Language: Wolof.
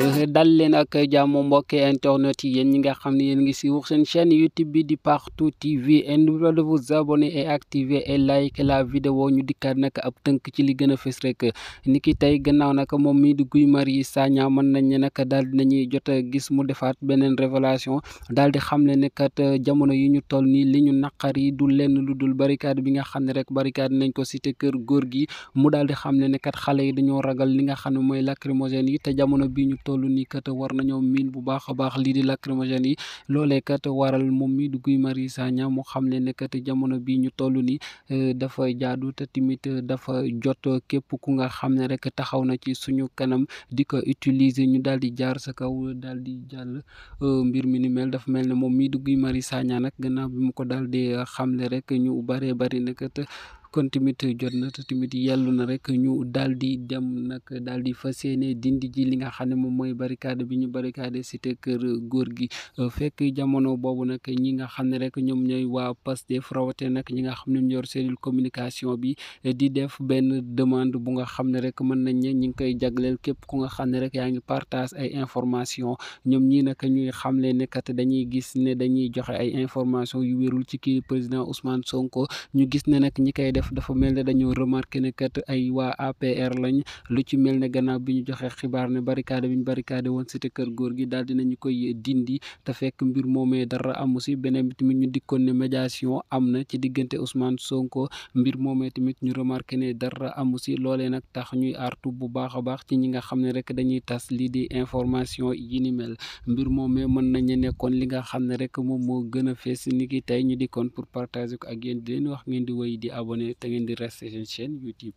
Euh, dal leen ak jàmm mbokki internet yi yéen ñi nga xam ne yéen ngi suivre seen chaîne YouTube bi di Partout TV n'oubliez pas de vous abonner et activer et like la vidéo ñu dikkaat nag ab tënk ci li gën a fës rek ni ki tey gannaaw nag moom mii di Guy Marius Sagna mën nañ ne nag daal dinañuy jot a gis mu defaat beneen révélation daal di xam ne ne kat euh, jamono yi ñu toll nii li ñu naqar yi du lenn lu dul barricade bi nga xam ne rek barricade nañ ko cité kër góor gi mu daal di xam ne ne kat xale yi dañoo ragal li nga xam ne mooy lacrymogène yi te jamono bi ñu toll nii kat war nañoo miin bu baax a baax lii di lacrymogène yi loole kat waral moom mii di Guy mari Sagna mu xam ne ne kat jamono bi ñu toll nii euh, dafa jaadu te tamit dafa jot képp ku nga xam ne rek taxaw na ci suñu kanam di ko utiliser ñu daal di jaar sa kaw daal di jàll euh, mbir mi ni mel dafa mel ne moom mii di Guy mari Sagna nag gannaaw bi mu ko daal di xamle rek ñu bare bari na kat kon tamit jot na te tamit yellu na rek ñu daal di dem nag daal di fas yéene dindi ji li nga xam ne moom mooy barricade bi ñu barricade cité kër góor gi fekk jamono boobu nag ñi nga xam ne rek ñoom ñooy waa Pastef frawatee nag ñi nga xam ne ñoo yor communication bi di def benn demande bu nga xam ne rek mën nañ ne ñi ngi koy jagleel képp ku nga xam ne rek yaa ngi partage ay information ñoom ñii nag ñuy xamle ne kat dañuy gis ne dañuy joxe ay information yu wérul ci kii président Ousmane def dafa mel ne dañoo remarqué ne kat ay waa APR lañ lu ci mel ne gannaaw bi ñu joxe xibaar ne barricade bi ñu barricade woon cité kër góor gi daal dinañu koy dindi te fekk mbir moomee dara amu tamit ñu dikkoon ne am na ci diggante Ousmane Sonko mbir moomee tamit ñu remarqué ne dara amu si loolee nag tax ñuy artu bu baax a baax ci ñi nga xam ne rek dañuy tas li di information yi ni mel mbir moomee mën nañu nekkoon li nga xam ne rek moom moo gën a ni ki tey ñu dikkoon pour partager ko ak yéen di leen wax ngeen di wéy te ngeen di rester seen chaîne YouTube